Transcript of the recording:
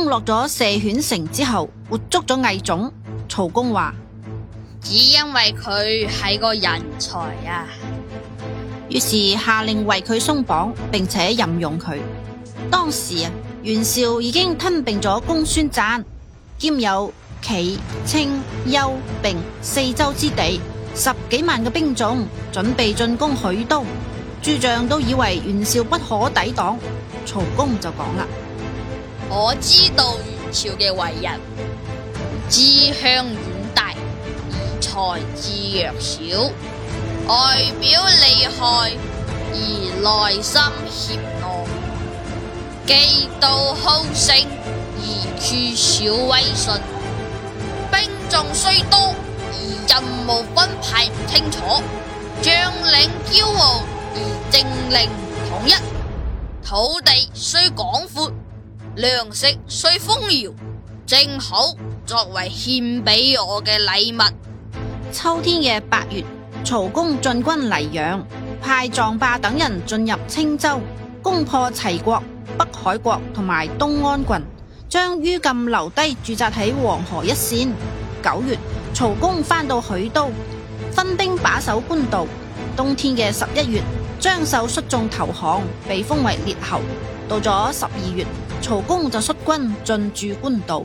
攻落咗射犬城之後，活捉咗魏種。曹公話：只因為佢係個人才啊！於是下令為佢鬆綁，並且任用佢。當時啊，袁紹已經吞併咗公孫瓚，兼有冀青幽并四州之地，十幾萬嘅兵種，準備進攻許都。諸將都以為袁紹不可抵擋，曹公就講啦。我知道元朝嘅為人，志向遠大而才智弱小，外表厲害而內心怯懦，嫉妒好勝而缺少威信，兵眾雖多而任務分派唔清楚，將領驕傲而政令唔統一，土地雖廣闊。糧食雖豐饒，正好作為獻俾我嘅禮物。秋天嘅八月，曹公進軍黎陽，派臧霸等人進入青州，攻破齊國、北海國同埋東安郡，將於禁留低駐紮喺黃河一線。九月，曹公返到許都，分兵把守官渡。冬天嘅十一月。張繡率眾投降，被封為列侯。到咗十二月，曹公就率軍進駐官渡。